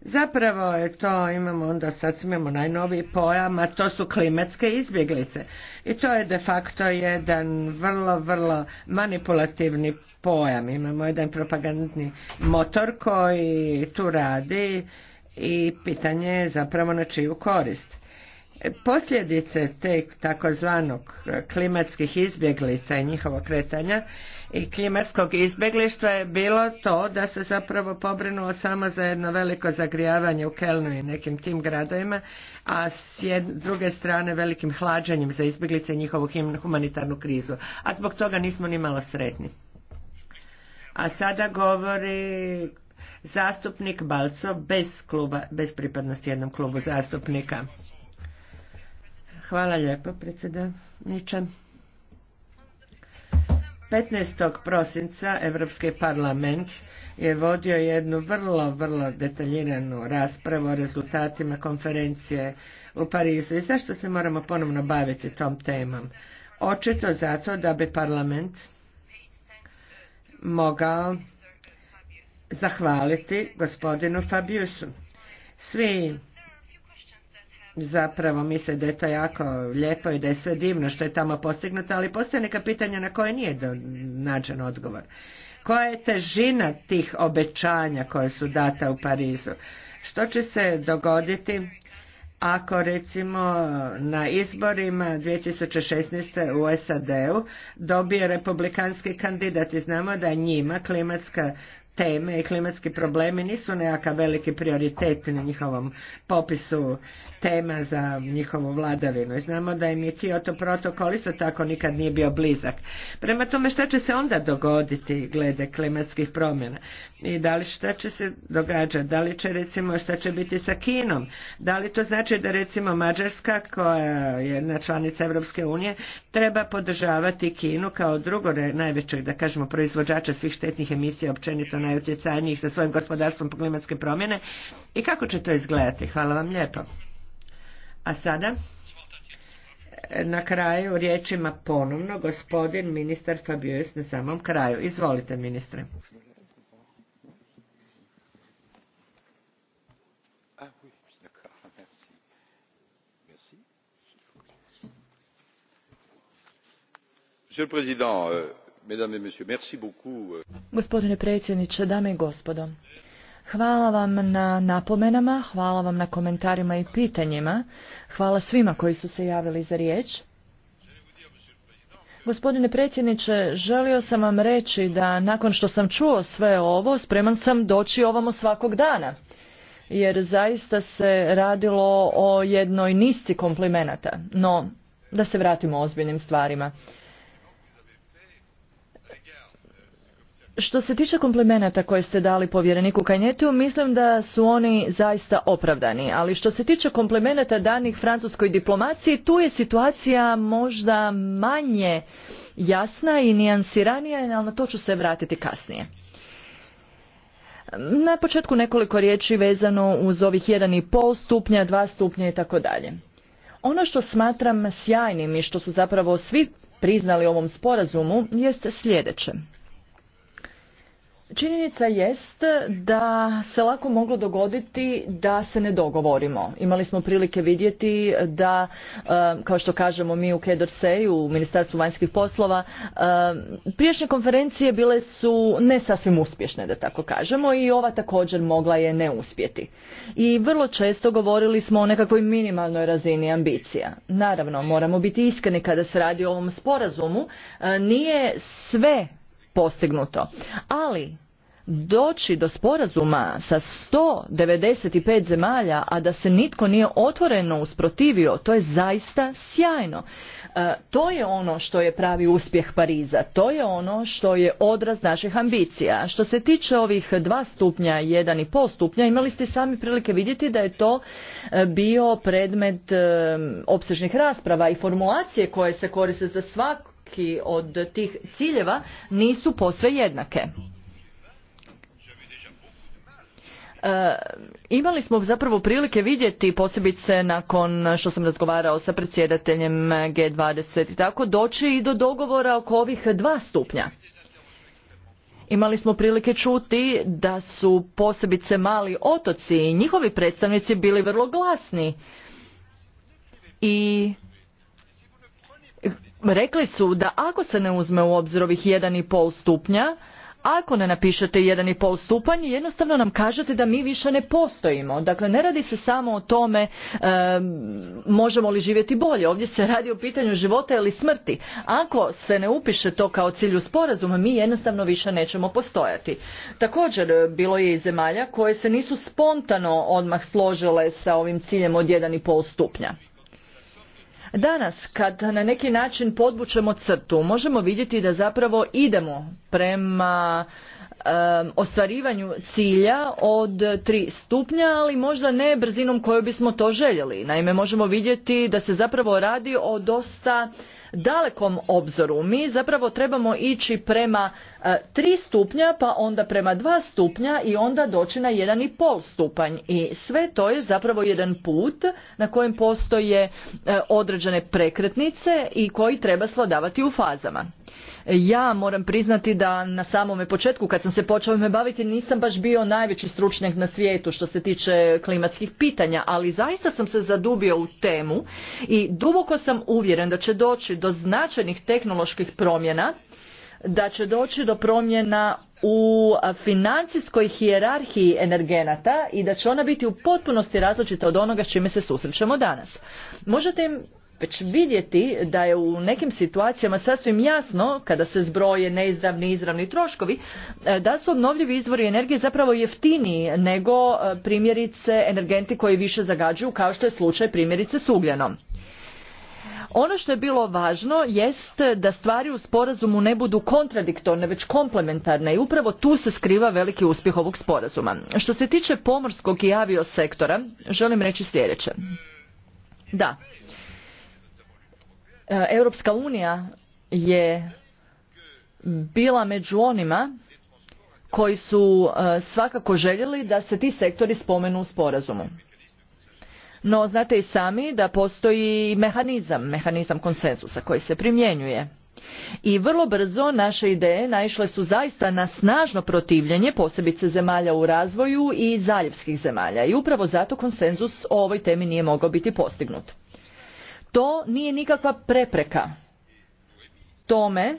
Zapravo je to, imamo onda sad imamo najnoviji pojam, a to su klimatske izbjeglice. I to je de facto jedan vrlo, vrlo manipulativni pojam. Imamo jedan propagandni motor koji tu radi i pitanje je zapravo na čiju korist. Posljedice te takozvanog klimatskih izbjeglica i njihovo kretanja i klimatskog izbjeglištva je bilo to da se zapravo pobrinuo samo za jedno veliko zagrijavanje u Kelnu i nekim tim gradovima, a s druge strane velikim hlađanjem za izbjeglice i njihovu humanitarnu krizu. A zbog toga nismo ni malo sretni. A sada govori zastupnik Balco bez, kluba, bez pripadnosti jednom klubu zastupnika. Hvala lijepo, predsjedaniče. 15. prosinca Europski parlament je vodio jednu vrlo, vrlo detaljiranu raspravu o rezultatima konferencije u Parizu i zašto se moramo ponovno baviti tom temom. Očito zato da bi parlament mogao zahvaliti gospodinu Fabiusu. Svi zapravo misle da je to jako lijepo i da je sve divno što je tamo postignuto, ali postoje neka pitanja na koje nije nađen odgovor. Koja je težina tih obećanja koje su data u Parizu? Što će se dogoditi ako recimo na izborima 2016. u SAD-u dobije republikanski kandidat i znamo da njima klimatska teme i klimatski problemi nisu nekakav veliki prioritet na njihovom popisu tema za njihovu vladavinu. znamo da im je Kyoto protokol isto tako nikad nije bio blizak. Prema tome šta će se onda dogoditi glede klimatskih promjena i da li šta će se događati, da li će recimo šta će biti sa Kinom, da li to znači da recimo Mađarska koja je jedna članica Europske unije treba podržavati Kinu kao drugo najvećeg da kažemo proizvođača svih štetnih emisija općenito najutjecajnijih sa svojim gospodarstvom po klimatske promjene i kako će to izgledati. Hvala vam lijepo. A sada na kraju riječima ponovno gospodin ministar Fabius na samom kraju. Izvolite ministre. Monsieur le Président, euh, Euh. Gospodine predsjedniče, dame i gospodo, hvala vam na napomenama, hvala vam na komentarima i pitanjima, hvala svima koji su se javili za riječ. Gospodine predsjedniče, želio sam vam reći da nakon što sam čuo sve ovo, spreman sam doći ovamo svakog dana, jer zaista se radilo o jednoj nisci komplimenata, no da se vratimo ozbiljnim stvarima. Što se tiče komplimenata koje ste dali povjereniku Kanjetu, mislim da su oni zaista opravdani, ali što se tiče komplimenata danih francuskoj diplomaciji, tu je situacija možda manje jasna i nijansiranija, ali na to ću se vratiti kasnije. Na početku nekoliko riječi vezano uz ovih 1,5 stupnja, 2 stupnja i tako dalje. Ono što smatram sjajnim i što su zapravo svi priznali ovom sporazumu jest sljedeće. Činjenica jest da se lako moglo dogoditi da se ne dogovorimo. Imali smo prilike vidjeti da, eh, kao što kažemo mi u Kedorseju, u Ministarstvu vanjskih poslova, eh, prijašnje konferencije bile su ne sasvim uspješne, da tako kažemo, i ova također mogla je ne uspjeti. I vrlo često govorili smo o nekakvoj minimalnoj razini ambicija. Naravno, moramo biti iskreni kada se radi o ovom sporazumu. Eh, nije sve postignuto. Ali doći do sporazuma sa 195 zemalja, a da se nitko nije otvoreno usprotivio, to je zaista sjajno. E, to je ono što je pravi uspjeh Pariza, to je ono što je odraz naših ambicija. Što se tiče ovih dva stupnja, jedan i pol stupnja, imali ste sami prilike vidjeti da je to e, bio predmet e, opsežnih rasprava i formulacije koje se koriste za svaku neki od tih ciljeva nisu posve jednake. E, imali smo zapravo prilike vidjeti posebice nakon što sam razgovarao sa predsjedateljem G20 i tako doći i do dogovora oko ovih dva stupnja. Imali smo prilike čuti da su posebice mali otoci i njihovi predstavnici bili vrlo glasni i rekli su da ako se ne uzme u obzir ovih 1,5 stupnja, ako ne napišete 1,5 stupanj, jednostavno nam kažete da mi više ne postojimo. Dakle, ne radi se samo o tome možemo li živjeti bolje. Ovdje se radi o pitanju života ili smrti. Ako se ne upiše to kao cilju sporazuma, mi jednostavno više nećemo postojati. Također, e, bilo je i zemalja koje se nisu spontano odmah složile sa ovim ciljem od 1,5 stupnja. Danas kad na neki način podvučemo crtu možemo vidjeti da zapravo idemo prema ostvarivanju cilja od tri stupnja, ali možda ne brzinom koju bismo to željeli. Naime, možemo vidjeti da se zapravo radi o dosta dalekom obzoru. Mi zapravo trebamo ići prema e, tri stupnja, pa onda prema dva stupnja i onda doći na jedan i pol stupanj. I sve to je zapravo jedan put na kojem postoje e, određene prekretnice i koji treba slodavati u fazama. Ja moram priznati da na samome početku kad sam se počeo me baviti nisam baš bio najveći stručnjak na svijetu što se tiče klimatskih pitanja, ali zaista sam se zadubio u temu i duboko sam uvjeren da će doći do značajnih tehnoloških promjena da će doći do promjena u financijskoj hijerarhiji energenata i da će ona biti u potpunosti različita od onoga s čime se susrećemo danas. Možete im već vidjeti da je u nekim situacijama sasvim jasno kada se zbroje neizravni i izravni troškovi e, da su obnovljivi izvori energije zapravo jeftiniji nego e, primjerice energenti koji više zagađuju kao što je slučaj primjerice s ugljenom. Ono što je bilo važno jest da stvari u sporazumu ne budu kontradiktorne, već komplementarne i upravo tu se skriva veliki uspjeh ovog sporazuma. Što se tiče pomorskog i aviosektora, želim reći sljedeće. Da, E, Europska unija je bila među onima koji su e, svakako željeli da se ti sektori spomenu u sporazumu. No, znate i sami da postoji mehanizam, mehanizam konsenzusa koji se primjenjuje. I vrlo brzo naše ideje naišle su zaista na snažno protivljenje posebice zemalja u razvoju i zaljevskih zemalja. I upravo zato konsenzus o ovoj temi nije mogao biti postignut to nije nikakva prepreka tome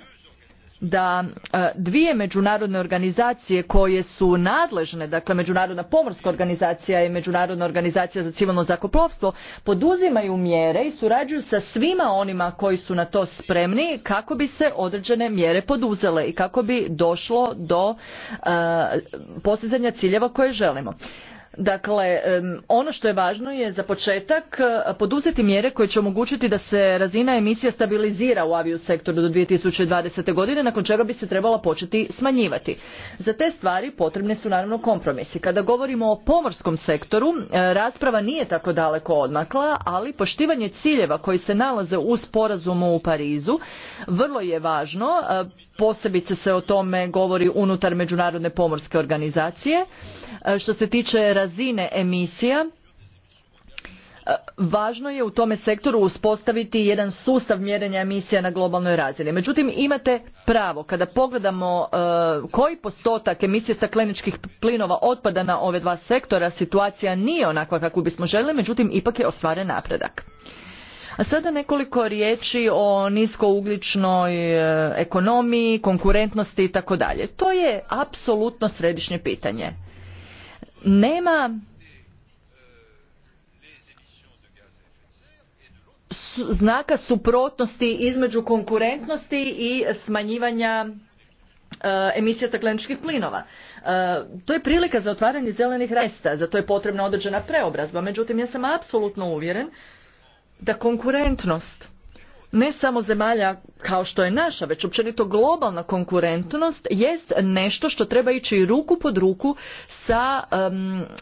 da e, dvije međunarodne organizacije koje su nadležne dakle međunarodna pomorska organizacija i međunarodna organizacija za civilno zakoplovstvo poduzimaju mjere i surađuju sa svima onima koji su na to spremni kako bi se određene mjere poduzele i kako bi došlo do e, postizanja ciljeva koje želimo Dakle, ono što je važno je za početak e, poduzeti mjere koje će omogućiti da se razina emisija stabilizira u aviosektoru do 2020. godine, nakon čega bi se trebala početi smanjivati. Za te stvari potrebne su naravno kompromisi. Kada govorimo o pomorskom sektoru, e, rasprava nije tako daleko odmakla, ali poštivanje ciljeva koji se nalaze u sporazumu u Parizu vrlo je važno, e, posebice se o tome govori unutar Međunarodne pomorske organizacije, E, što se tiče razine emisija, e, važno je u tome sektoru uspostaviti jedan sustav mjerenja emisija na globalnoj razini. Međutim, imate pravo, kada pogledamo e, koji postotak emisije stakleničkih plinova otpada na ove dva sektora, situacija nije onakva kakvu bismo željeli, međutim, ipak je ostvaren napredak. A sada nekoliko riječi o niskougličnoj ekonomiji, konkurentnosti i tako dalje. To je apsolutno središnje pitanje nema znaka suprotnosti između konkurentnosti i smanjivanja e, emisija stakleničkih plinova. E, to je prilika za otvaranje zelenih resta, za to je potrebna određena preobrazba. Međutim, ja sam apsolutno uvjeren da konkurentnost ne samo zemalja kao što je naša, već općenito globalna konkurentnost jest nešto što treba ići ruku pod ruku sa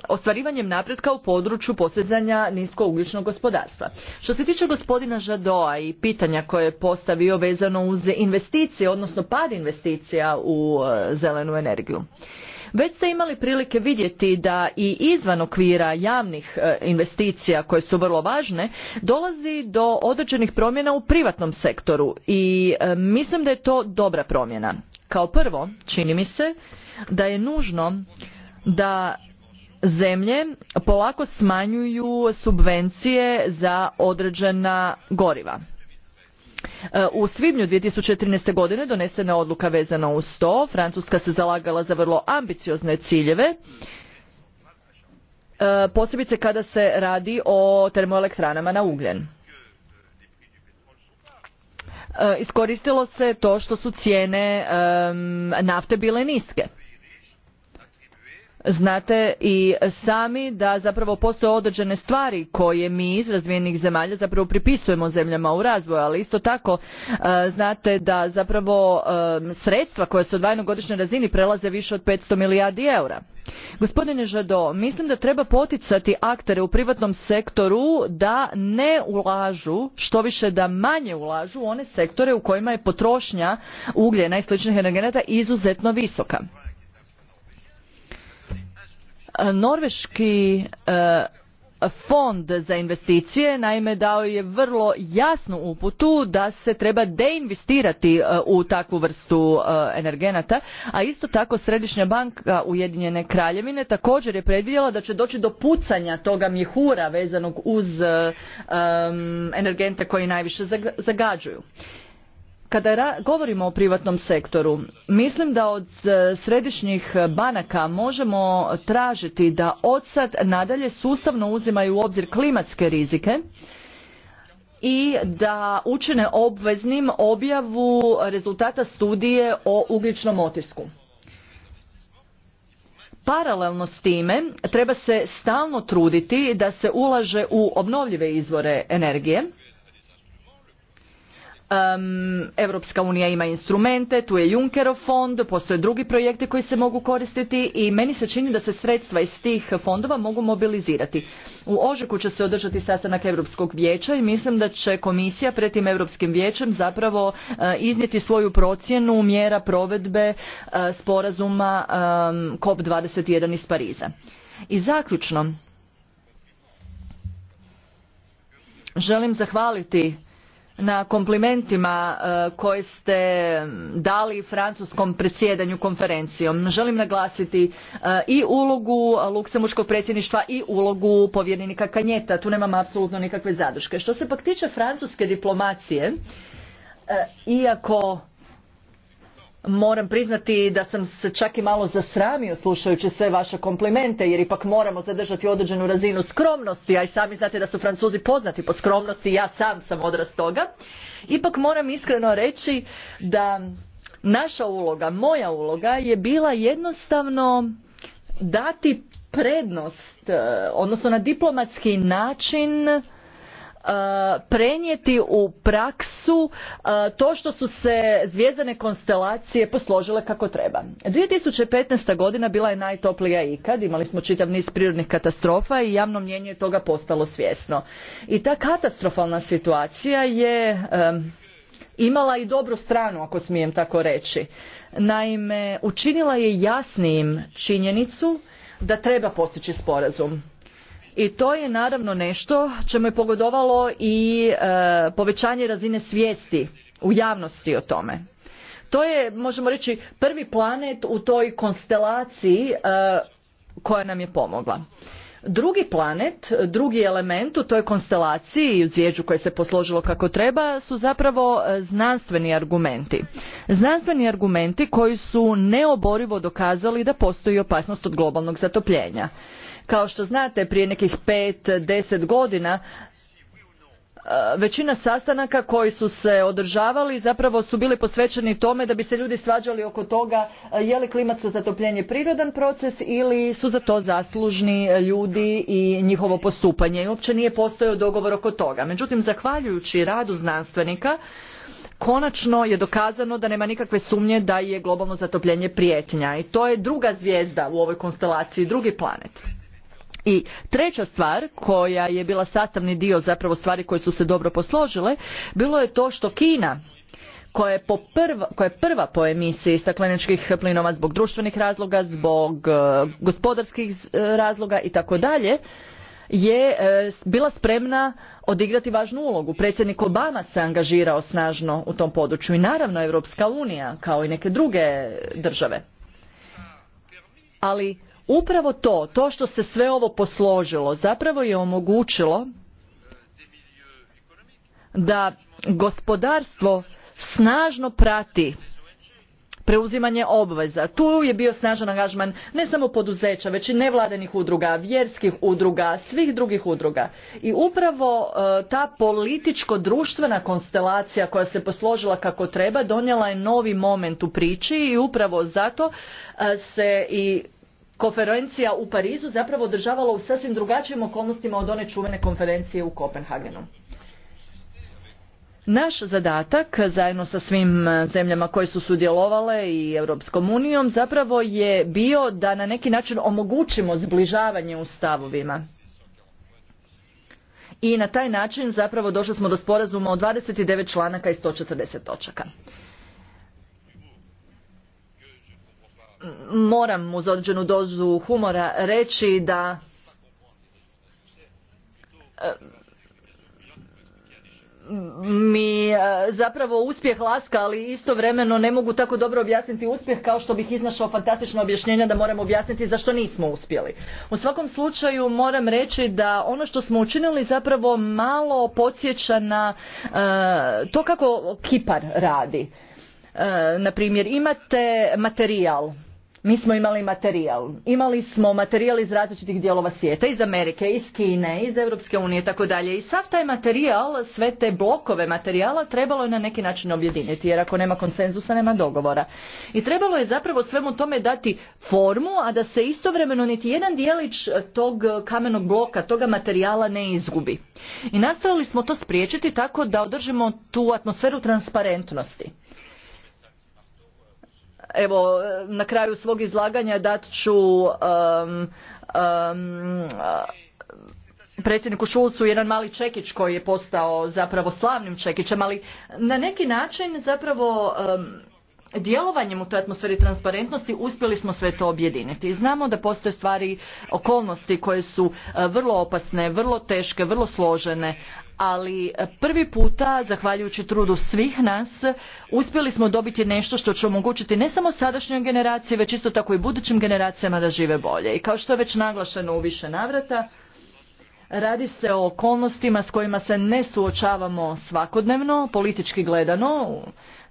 ostvarivanjem napretka u području postizanja niskougljičnog gospodarstva. Što se tiče gospodina Žadoa i pitanja koje je postavio vezano uz investicije, odnosno pad investicija u e, zelenu energiju. Već ste imali prilike vidjeti da i izvan okvira javnih e, investicija koje su vrlo važne dolazi do određenih promjena u privatnom sektoru i e, mislim da je to dobra promjena. Kao prvo, čini mi se da je nužno da zemlje polako smanjuju subvencije za određena goriva u svibnju 2013. godine donesena je odluka vezana uz to. Francuska se zalagala za vrlo ambiciozne ciljeve e, posebice kada se radi o termoelektranama na ugljen. E, iskoristilo se to što su cijene nafte bile niske znate i sami da zapravo postoje određene stvari koje mi iz razvijenih zemalja zapravo pripisujemo zemljama u razvoju ali isto tako e, znate da zapravo e, sredstva koja se odvajaju na godišnjoj razini prelaze više od petsto milijardi eura gospodine žado mislim da treba poticati aktere u privatnom sektoru da ne ulažu štoviše da manje ulažu u one sektore u kojima je potrošnja ugljena i sličnih energenata izuzetno visoka E, norveški e, fond za investicije naime dao je vrlo jasnu uputu da se treba deinvestirati e, u takvu vrstu energenata a isto tako središnja banka ujedinjene kraljevine također je predvidjela da će doći do pucanja toga mjehura vezanog uz energente koji najviše zagađuju kada govorimo o privatnom sektoru, mislim da od e, središnjih e, banaka možemo tražiti da od nadalje sustavno uzimaju u obzir klimatske rizike i da učine obveznim objavu rezultata studije o ugljičnom otisku. Paralelno s time treba se stalno truditi da se ulaže u obnovljive izvore energije Um, Europska unija ima instrumente, tu je Junckerov fond, postoje drugi projekti koji se mogu koristiti i meni se čini da se sredstva iz tih fondova mogu mobilizirati. U Ožeku će se održati sastanak Europskog vijeća i mislim da će komisija pred tim Europskim vijećem zapravo e, iznijeti svoju procjenu mjera provedbe e, sporazuma cop COP21 iz Pariza. I zaključno, želim zahvaliti na komplimentima e, koje ste dali francuskom predsjedanju konferencijom. Želim naglasiti e, i ulogu luksemburškog predsjedništva i ulogu povjerenika Kanjeta. Tu nemam apsolutno nikakve zadrške. Što se pak tiče francuske diplomacije, e, iako moram priznati da sam se čak i malo zasramio slušajući sve vaše komplimente jer ipak moramo zadržati određenu razinu skromnosti a i sami znate da su francuzi poznati po skromnosti ja sam sam odraz toga ipak moram iskreno reći da naša uloga moja uloga je bila jednostavno dati prednost eh, odnosno na diplomatski način E, prenijeti u praksu e, to što su se zvijezdane konstelacije posložile kako treba. 2015. godina bila je najtoplija ikad, imali smo čitav niz prirodnih katastrofa i javno mnjenje je toga postalo svjesno. I ta katastrofalna situacija je e, imala i dobru stranu, ako smijem tako reći. Naime, učinila je jasnijim činjenicu da treba postići sporazum i to je naravno nešto čemu je pogodovalo i e, povećanje razine svijesti u javnosti o tome to je možemo reći prvi planet u toj konstelaciji e, koja nam je pomogla drugi planet drugi element u toj konstelaciji i u zvijeđu koje se posložilo kako treba su zapravo e, znanstveni argumenti znanstveni argumenti koji su neoborivo dokazali da postoji opasnost od globalnog zatopljenja kao što znate, prije nekih pet, deset godina e, većina sastanaka koji su se održavali zapravo su bili posvećeni tome da bi se ljudi svađali oko toga e, je li klimatsko zatopljenje prirodan proces ili su za to zaslužni ljudi i njihovo postupanje i uopće nije postojao dogovor oko toga. Međutim, zahvaljujući radu znanstvenika konačno je dokazano da nema nikakve sumnje da je globalno zatopljenje prijetnja i to je druga zvijezda u ovoj konstelaciji, drugi planet i treća stvar koja je bila sastavni dio zapravo stvari koje su se dobro posložile bilo je to što kina koja je, prva, po emisiji stakleničkih plinova zbog društvenih razloga zbog e, gospodarskih e, razloga i tako dalje je e, bila spremna odigrati važnu ulogu. Predsjednik Obama se angažirao snažno u tom području i naravno Europska unija kao i neke druge države. Ali Upravo to, to što se sve ovo posložilo, zapravo je omogućilo da gospodarstvo snažno prati preuzimanje obveza. Tu je bio snažan angažman ne samo poduzeća, već i nevladenih udruga, vjerskih udruga, svih drugih udruga. I upravo e, ta političko-društvena konstelacija koja se posložila kako treba donijela je novi moment u priči i upravo zato e, se i konferencija u Parizu zapravo održavala u sasvim drugačijim okolnostima od one čuvene konferencije u Kopenhagenu. Naš zadatak zajedno sa svim e, zemljama koje su sudjelovale i Europskom unijom zapravo je bio da na neki način omogućimo zbližavanje u stavovima. I na taj način zapravo došli smo do sporazuma o 29 članaka i 140 točaka. moram uz određenu dozu humora reći da eh, mi eh, zapravo uspjeh laska, ali istovremeno ne mogu tako dobro objasniti uspjeh kao što bih iznašao fantastično objašnjenje da moram objasniti zašto nismo uspjeli. U svakom slučaju moram reći da ono što smo učinili zapravo malo podsjeća na eh, to kako Kipar radi. na primjer, imate materijal mi smo imali materijal. Imali smo materijal iz različitih dijelova svijeta, iz Amerike, iz Kine, iz Europske unije, tako dalje. I sav taj materijal, sve te blokove materijala trebalo je na neki način objediniti, jer ako nema konsenzusa, nema dogovora. I trebalo je zapravo svemu tome dati formu, a da se istovremeno niti jedan dijelić tog kamenog bloka, toga materijala ne izgubi. I nastavili smo to spriječiti tako da održimo tu atmosferu transparentnosti. Evo, na kraju svog izlaganja dat ću um, um, predsjedniku Šulcu jedan mali čekić koji je postao zapravo slavnim čekićem, ali na neki način zapravo um, djelovanjem u toj atmosferi transparentnosti uspjeli smo sve to objediniti. Znamo da postoje stvari, okolnosti koje su uh, vrlo opasne, vrlo teške, vrlo složene, ali e, prvi puta, zahvaljujući trudu svih nas, uspjeli smo dobiti nešto što će omogućiti ne samo sadašnjoj generaciji, već isto tako i budućim generacijama da žive bolje. I kao što je već naglašeno u više navrata, Radi se o okolnostima s kojima se ne suočavamo svakodnevno, politički gledano,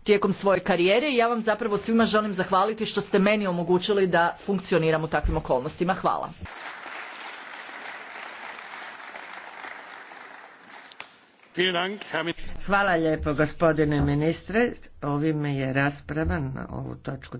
tijekom svoje karijere i ja vam zapravo svima želim zahvaliti što ste meni omogućili da funkcioniram u takvim okolnostima. Hvala. Hvala lijepo gospodine ministre. Ovime je rasprava na ovu točku.